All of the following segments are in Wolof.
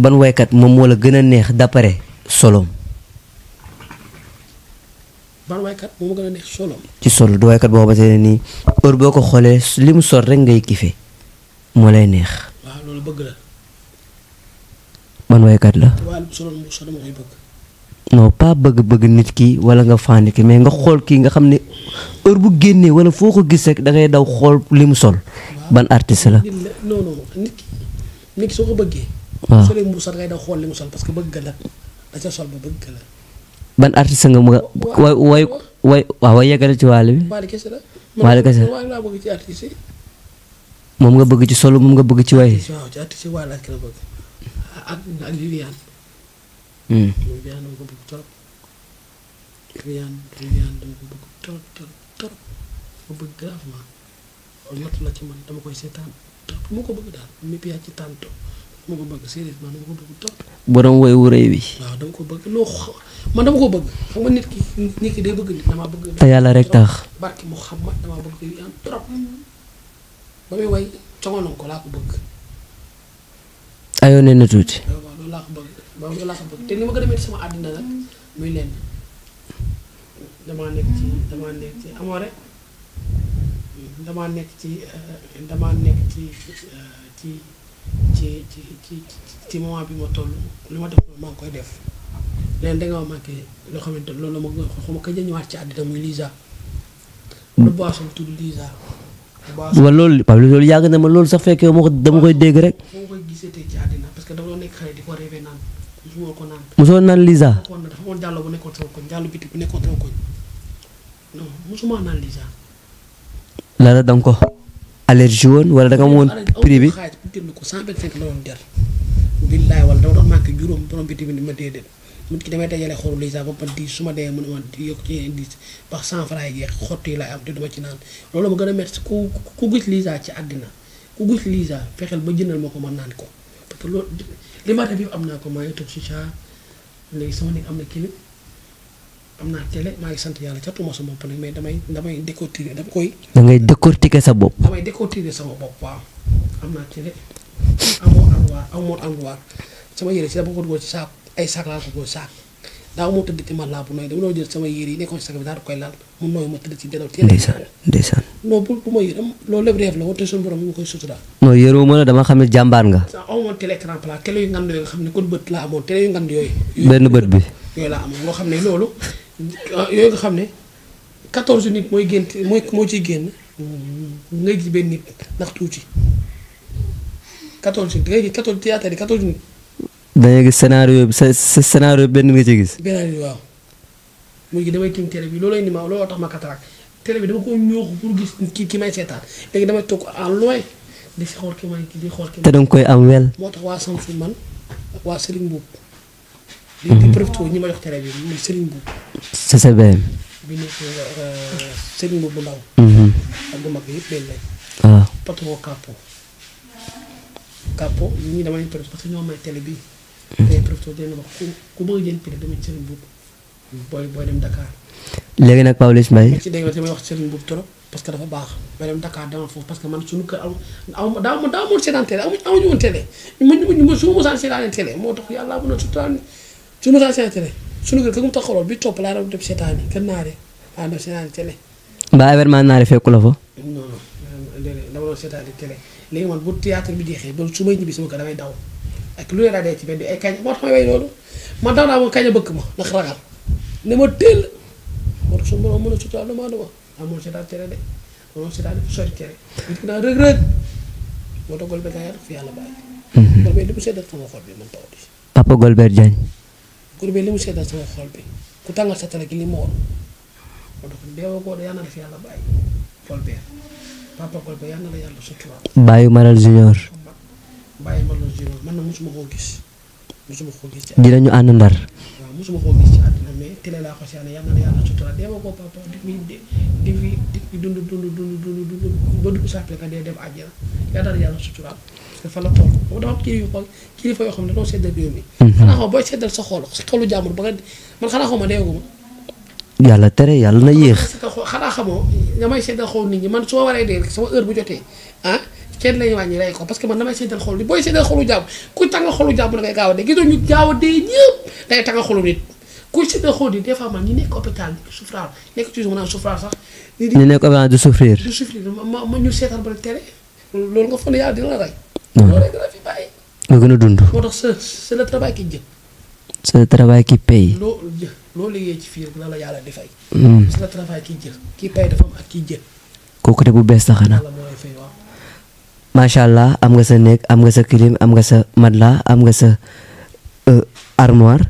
ban waykat moom moo la gën a neex d'après solom a neex solom ci sol du waykat boo xamante ne nii heure boo ko xoolee li mu sol rek ngay kife moo lay neex. waaw loolu bëgg la. ban waykat la. waaw solo bëgg. bëgg nit kii wala nga fànn ki mais nga xool kii nga xam ne heure bu génnee wala foo ko gis rek da ngay daw xool li mu sol. ban artiste la. soo ko bëggee. waaw soo mu sol ngay daw xool li mu sol parce que bëgg la da ca sol ba bëgg la. ban artiste nga mu way way way waaw way yeggale ci waale bi. moom nga bëgg ci solo moom nga bëgg ci way. waaw ci artiste yi waale la ah, hmm. ko bëgg trop. ko bëgg trop ci man dama koy seetaan trop mu ko bëgg daal ma ko bëgg sérieusement dama ko bëgg trop. borom woy wu wi. waaw dama ko bëgg loo man dama ko bëgg xam nit ki nit ki day bëgg nit te yàlla rek tax barki Muhammad damaa bëgg yu am trop. ba muy way cogonoon ko laa ko bëgg. ayoo nee tuuti. sama àddina nag muy lenn damaa nekk ci ci ci bi ma toll lu ma def loolu maa ngi koy def leen da nga ma manqué loo xamante loolu la ma xaw ma ko jëñëwaat ci àddina muy Lisa. lu boisson tudd Lisa. waaw loolu Pape loolu yàgg na ma loolu sax fekkee ma ko dama koy dégg rek. moo koy gisee tey parce que dama doon nekk xale di ko rêvé naan mosuma ko naan. mosoo naan Lisa. dafa amoon jàllo bu nekkoon sama koñ jàllo biti bu nekkoon sama koñ non naan Lisa. Lara danga ko. allergie woon wala da prix bi. billaay wala dama doon manqué juróom borom bi tamit ma déedéet nit ki damay dajale xool lii sax ba ma dee mën a yokk ci indice ba cent franc yi jeex xott yi laay am te a métti ma naan ko loolu li ma def yëpp am naa ko maa ngi toog saa léegi sama nekk am na kii am naa télé maa sant yàlla catuma sa bopp nag mais damay damay décortiquer dama koy. da sa bopp. damay décortiquer sama bopp waaw am naa télé amoo armoire amoo armoire sama yére si dama ko dugal ci saak ay saak laa ko dugal saak daaw moo tëdd ci ma laabu sama yére yi nekkoon si saak bi daal koy laal mu nooy tëdd ci delaw. ndeysaan loolu lépp reef la wante suñu koy sutura. non yëroo ma la xam ne jàmbaar nga. sa amoon yu ngand yooyu nga xam ne kon bët laa amoon télé yu ngand yooyu. benn bët bi yooyu laa amoon loo xam ne loolu yooyu nga xam ne quatorze nit mooy gént mooy moo ci génn ngay gis benn nit ndax tuuti quatorze nit ngay gis quatorze théâtre yi bi sa benn nga ci gis. benn waaw. muy gi damay tiim télé bi loolu indi ma looloo tax ma cataracte télé bi dama ko ñooxu pour gis ki ki may seetaan léegi damay toog en loin di si xool ki may di xool ki may. te danga koy am wel. moo tax waa Samsung man waa Serigne Mboup. di mhm. di profité ñi ma jox tere bi muy Serigne Mboub. CCBM. bi nekk euh, Serigne Mboub bu ndaw. Mhm. ak bu mag yëpp benn lañ. waaw ah. patron Kapo. Kapo ñun ñii dama leen profité parce que ñoo may télé bii. Mhm. day profité di leen wax ku ku bëgg jënd prix dama Serigne Mboub booy booy dem Dakar. léegi nag Pawlish Mbaye. ma ci dégg la damay wax Serigne Mboub trop parce que dafa baax ma dem Dakar dama foofu parce que man suñu kër aw aw ma daaw ma daaw ma woon seetaan télé amuñu amuñu woon télé ñu ma ñu ma su ma mosaan seetaanee télé moo tax yàlla mën na sutura su ma saa seetalee sunu kër bi topp laa doon def seetaan yi kër naare laa doon seetaan yi télé. mbaa événement naare fekku la fa. non non bi jeexee ba su may ñibbi sama kër damay daw ak lu ne laa dee ci benn ay kañ moo tax may way loolu man daw naa moom kañ a bëgg ma ndax ragal ne ma teel moo tax su ma a sutura dama dama amoon seetaan télé de amoon seetaan sori moo tax Golbert Diagne fi yàlla bàyyi. Mhm. Golbert li mu seetal sama xol bi man taw bi. Papa Golbert Diagne. kuréel li mu seetal sama xol bi ku tàngal sa tala gi li mu war moo tax deewee koo de yàlla na def yàlla bàyyi Golbert papa Golbert yàlla na la yàlla suturaal. Baye Maral Junior. Baye Maral Junior man na mosuma koo gis mosuma koo gis. dinañu ànd ndar. na la yàlla suturaal deewee koo papa di fi di fi dund dund dund te fan la xool boobu dafa kii yu xool kilifa yoo xam ne dañoo seddal réew mi. Mhm. xanaa xaw booy seddal sa xool sa xolu jàmbur ba nga man xanaa yàlla tere yàlla na yéex. xanaa xamoo damay seddal xool nit ñi man su waree dee rek sama bu jotee ah kenn lañu wàññi rey ko parce que man damay seddal xool booy seddal xolu jàmbur ku tànga xolu jàmbur da ngay gaaw a dee ñu gaaw a dee ñëpp day tànga xolu yi des fois man ñi nekk hôpital di souffrir nekk toujours maanaam souffrir sax. ñi nekk hôpital di souffrir. di souffrir ma ma ñu seetaan ba tere loolu nga foog ne yàlla dina la rey. loolu rek nga gën a dund. moo tax c'est le travail bu bees sax na. macha allah am nga sa néeg am nga sa clim am nga sa matelas am nga sa euh, armoire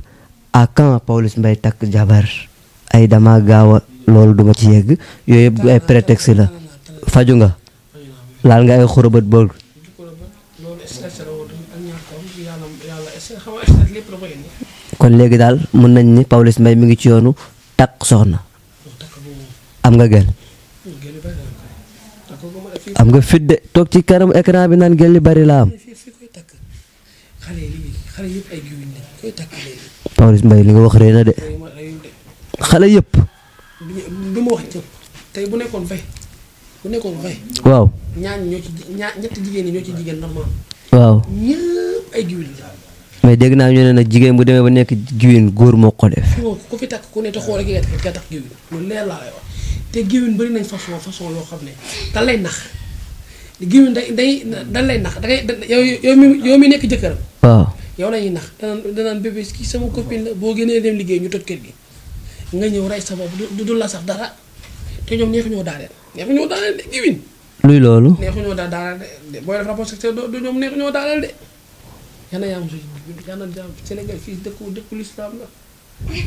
à quand Pawlish Mbaye takk jabar ay dama gaaw a loolu duma ci yegg yooyu yëpp ay prétexte la faju nga laal nga ay xorobat bool kon léegi daal mën nañ ni Pawlish mbay mi ngi ci yoonu takk soxna. Oh, am nga gel oh, am nga fit de toog ci kanamu écran bi naan gel li bari la am. Pawlish Mbaye li nga wax rëy de. xale yëpp. bu nekkoon fay bu nekkoon fay. waaw waaw. ay giwin dégg naa ñu ne nag jigéen bu demee ba nekk giwin góor moo ko def. ku fi takk ku ne te xool gi nga tax giwin loolu leer laa lay wax te giwin bëri nañ façon façon loo xam ne da lay nax giwin day da lay nax da ngay yow mi nekk jëkkëram. waaw yow la ñuy nax danaan danaan ki kii sama copine la boo génnee dem liggéey ñu toj kër gi. nga ñëw rey sa bopp du dul la sax dara te ñoom neexu ñoo daaneel neexu ñoo daaneel de giwin. luy loolu. neexu ñoo daaneel de booy def du ñoom neexu ñoo daaneel de. yàlla yaa am yàlla jaam Sénégal fii dëkku dëkku lislaam la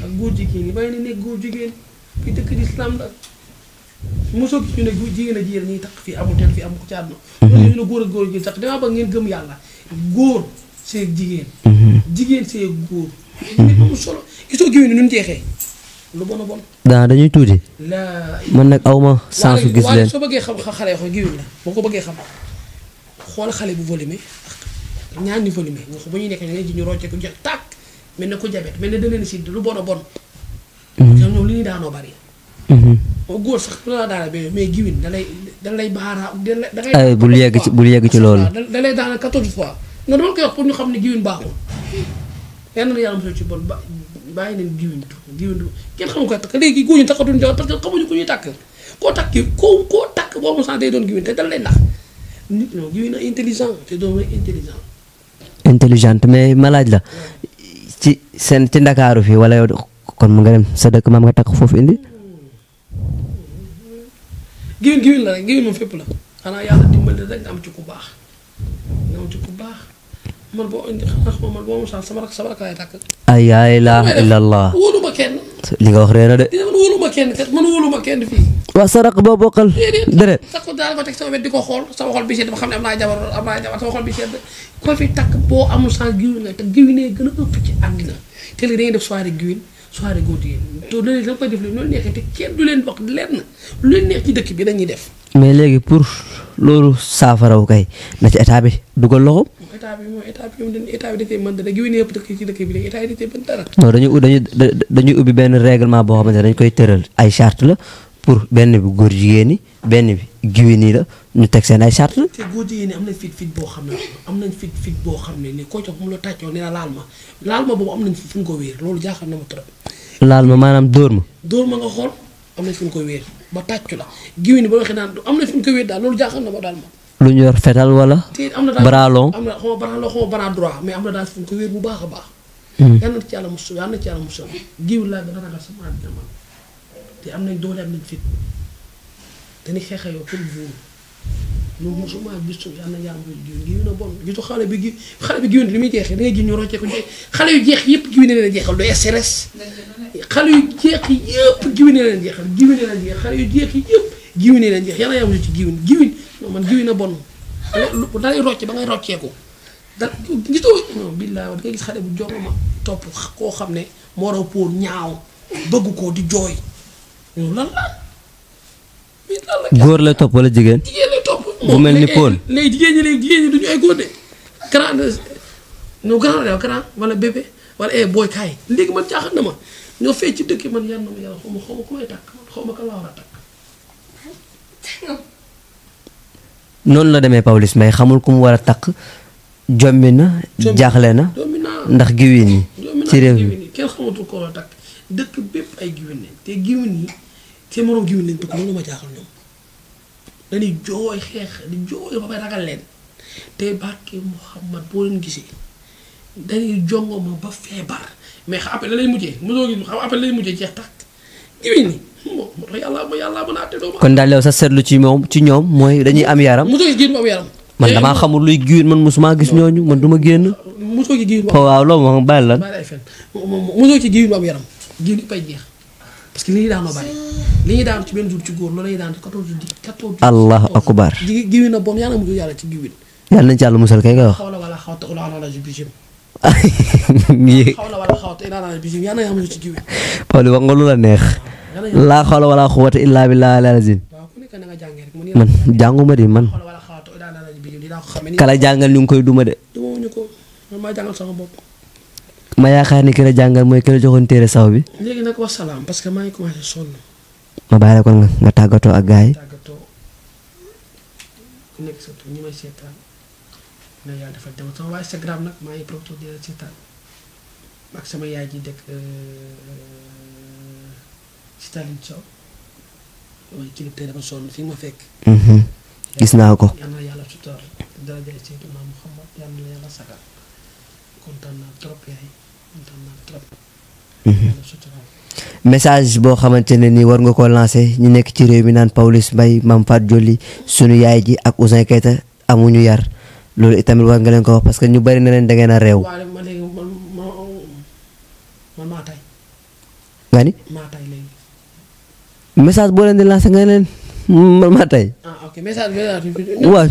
ak góor jigéen ñi bàyyi na nekk góor jigéen fii dëkk lislaam la mosoo gis ñu ne jigéen a jigéen ñuy fii amul teel fii amul ko ci àdduna. Mhm. loolu ñu ne góor góor jigéen sax damaa bëgg ngeen gëm yàlla góor see jigéen. Mhm. jigéen see góor. nit mu solo gisoo ñu jeexee lu bon a bon. daa dañuy tuuti. man nag aw ma sensu gis leen soo bëggee xam xale yoo boo ko bëggee xam xool xale bu volumé ak ñaar ni volume wax ba ñu nekk ne ji ñu rocce ko jeex tàkk mel na ko jabet mel na da leen si lu bon a bon. Mhm. ñoom li ñu daanoo bari. Mhm. góor sax bu la daanee mais mais giwin da lay da lay baara da lay. bul yegg ci bul yegg ci loolu. da lay daanee 14 fois nga dama koy wax pour ñu xam ne giwin baaxul. lenn la yàlla mosoo ci bon ba bàyyi leen giwin giwin du kenn xamu ko takk léegi góor ñu takkatuñu jox parce que xamuñu ku ñuy takk koo takk koo koo takk boo mu sant day doon giwin te dal lay nax nit ñoom giwin a intelligent te doon intelligent. intelligente mais ma laaj la ci seen ci ndakaaru fi wala yow kon mu nga dem sa dëkk maam nga takk foofu indi. géwél géwél la rek géwél moom fépp la xanaa yàlla dimbali rek nga am am ci baax ay laa ilaaha illallaah li nga wax ree na de. man wóoluma kenn kat man wóoluma kenn fii. waaw sa rakk boo bokkal. déedéet sax ko daal ko teg sama wet di ko xool sama xol bi sedd dama xam ne am naa jabar am naa bi sedd ko fi takk boo amul sans giwin nga te giwin gën a ëpp ci àddina te def soirée giwin soirée góor yi to loolu da nga koy te kenn du leen wax lenn lu leen neex ci dëkk bi dañuy def. mais léegi pour loolu saafaraw kay na ci état bi ko loxo. état bi mooy état bi ñoom dañu état bi da cee dañuy dañuy ubbi benn règlement boo xamante ne dañ koy tëral ay charte la pour benn bi góor jigéen ñi benn bi giwén yi la ñu teg seen ay charte te góor jigéen ñi am na fit fit boo xam ne am nañ fit fit boo xam ne ni koo jox mu la tàccoo nee na laal ma laal ma boobu am na fu ko wéer loolu jaaxal na ma trop. laal ma maanaam dóor ma. dóor ma nga xool am nañ fu ko wéer ba tàccu la giwén yi ba waxee naan am nañ fu ñu ko wéer daal loolu jaaxal na ma daal ma lu ñu yor fetal wala. bralon am na xaw ma bralon xaw ma bras droit mais am na daal fu ñu ko wér baax a baax. Hmm. yal na ci yàlla mosul yal na ci yàlla mosul giiw laa a ragal sama àddina te am nañ doole am nañ fit dañuy xeex yow pour buur loolu na yàlla mosul giiw giiw na bon xale bi gi bi muy jeexee da ngay gis ñu rocce ko xale yu jeex yëpp giiw ne leen jeexal du SRS. xale yu jeex yëpp giiw ne leen jeexal giiw ne leen jeex xale yu jeex yëpp giiw ne nañ jeex yal na yàlla mosul ci giiw giiw man jiw a bon da lay rocce ba ngay rocceeku da gisoo non billaahi da ngay gis xale bu jox ma topp koo xam ne moo raw pour ñaaw bëgg ko di jooy loolu la. góor la topp wala jigéen. jigéen lay mel ni Poul léegi jigéen ñi du ñu ay góor de. grand no grand la grand wala bébé wala eh booy kaay léegi man jaaxal na ma ñoo fee ci dëkk man yar ma yàlla xaw ma xaw ma ku may tàkk xaw ma kan a tàkk. noonu la demee Pawlish may xamul ku mu war a takk jommi na jaaxle na ndax giwin yi ci réew mi kenn xamatul ko war a takk dëkk bépp ay giwin lañ te giwin yi seen morom giwin lañ takk loolu ma jaaxal ñoom ba may ragal leen te barke Muhammad boo leen gisee dañuy jongo ba feebar mais après la lay mujjee mosoo gis xam après lay mujjee jeex takk giwin yi kon daal yow sa seetlu ci moom ci ñoom mooy dañuy am yaram mosoo gis giir bu am yaram man damaa gis ñooñu man ma génn mosoo ci giir bu waaw loolu moom bàyyi lan bàyyi ay am yaram parce que daan ma bari ci benn jour ci daan quatorze di quatorze allahu na bon yàlla yàlla ci giwin yàlla nañ ci yàlla musal kay nga wax xawla wala xawta ula ala wax nga lu la neex laa xawla wala xuwata illaa billaa alazim man jànguma de man kala jàngal ñu ngi koy duma de ma yaakaar ni ki la jàngal mooy ki la joxoon téere saw bi maa ngi commencé sonn ma bàyyi la kon nga nga tàggatoo ak gaay Stalin Sow mooy gis naa ko. Mhm. message boo xamante ne ni war nga ko lancé ñu nekk ci réew mi naan Pawlish Mbaye Mame Fatou Diolly sunu yaay ji ak Ouzin Keita amuñu yar loolu itamit war nga leen ko wax parce que ñu bari na leen da ngeen réew. nga ni. message boo leen di nga leen man maa tey. ah message waaw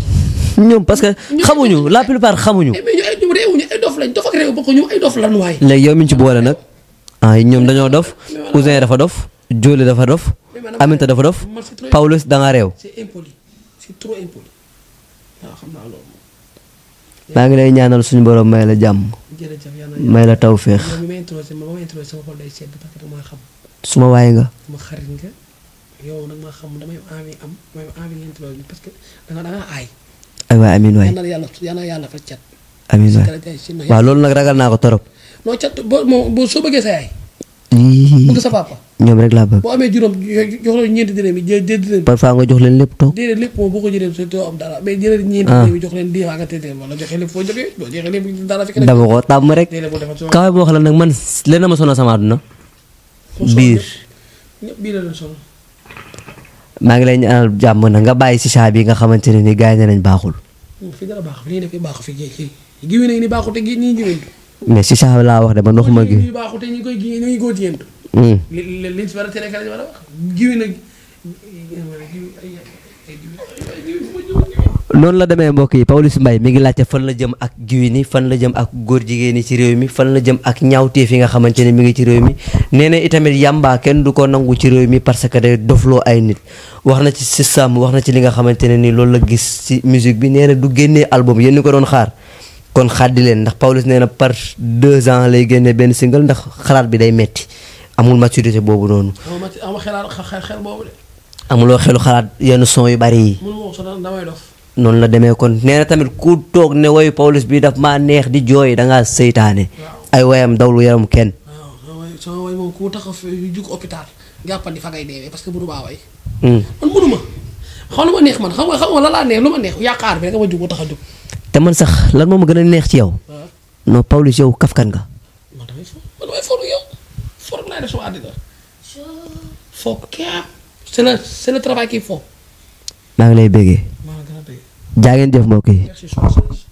ñoom parce que. xamuñu la plupart xamuñu. Eh, mais ñu ay ñoom léegi yow mi ci boole nag ah, ñoom dañoo dof Ousin dafa dof Joli dafa dof Aminta dafa dof Paulus da nga réew. c'est impoli ah, maa ngi lay ñaanal suñu borom may la jàmm. may la tawféex. suma waay nga. yow nag ma xam damay envie am damay que da nga da nga aay. Ah yàlla yàlla fa cat. loolu nag ragal naa ko torop. boo boo soo bëggee rek laa bëgg. boo amee juróom jox la ñeenti dërëm yi jël dërëm. parfois nga jox leen lépp toog. déedéet lépp am dara mais jëlee ñeenti ah. dama ko tàmm rek biir la doon maa ngi lay ñaanal jàmm na nga bàyyi si saa bi nga xamante ne ni gaañ nañ baaxul. baaxul nañ baaxul te gi nii giwee mais laa wax de man waxuma gi. baaxul ko jéentu. noonu la demee mbokk yi Pawlish Mbaye mi ngi laajte fan la jëm ak giwin yi fan la jëm ak góor jigéen yi ci réew mi fan la jëm ak ñaawteef yi nga xamante ne mu ngi ci réew mi nee na itamit yàmbaa kenn du ko nangu ci réew mi parce que day dofloo ay nit wax na ci système wax na ci li nga xamante ne ni loolu la gis ci musique bi nee na du génnee album yéen ñu ko doon xaar kon xaddi leen ndax Pawlish nee na par deux ans lay génnee benn single ndax xalaat bi day metti amul maturité boobu noonu. amuloo xelu xalaat yenn son yu bari yi. noonu la demee kon nee tamit ku toog ne woyu Pawlish bi daf maa neex di jooy da ngaa seytaane ay woyam dawlu yaram kenn. waaw sama parce que mënu maa woy. Hmm. man mënu ma xaw lu ma neex man xam nga neex lu ma neex yaakaar bi rek ma jug te man sax lan moo ma gën a neex ci yow. non Pawlish yow kafkan nga. man damay for man damay for yow maa ngi lay bégee. jaa ngeen jëf mbokk yi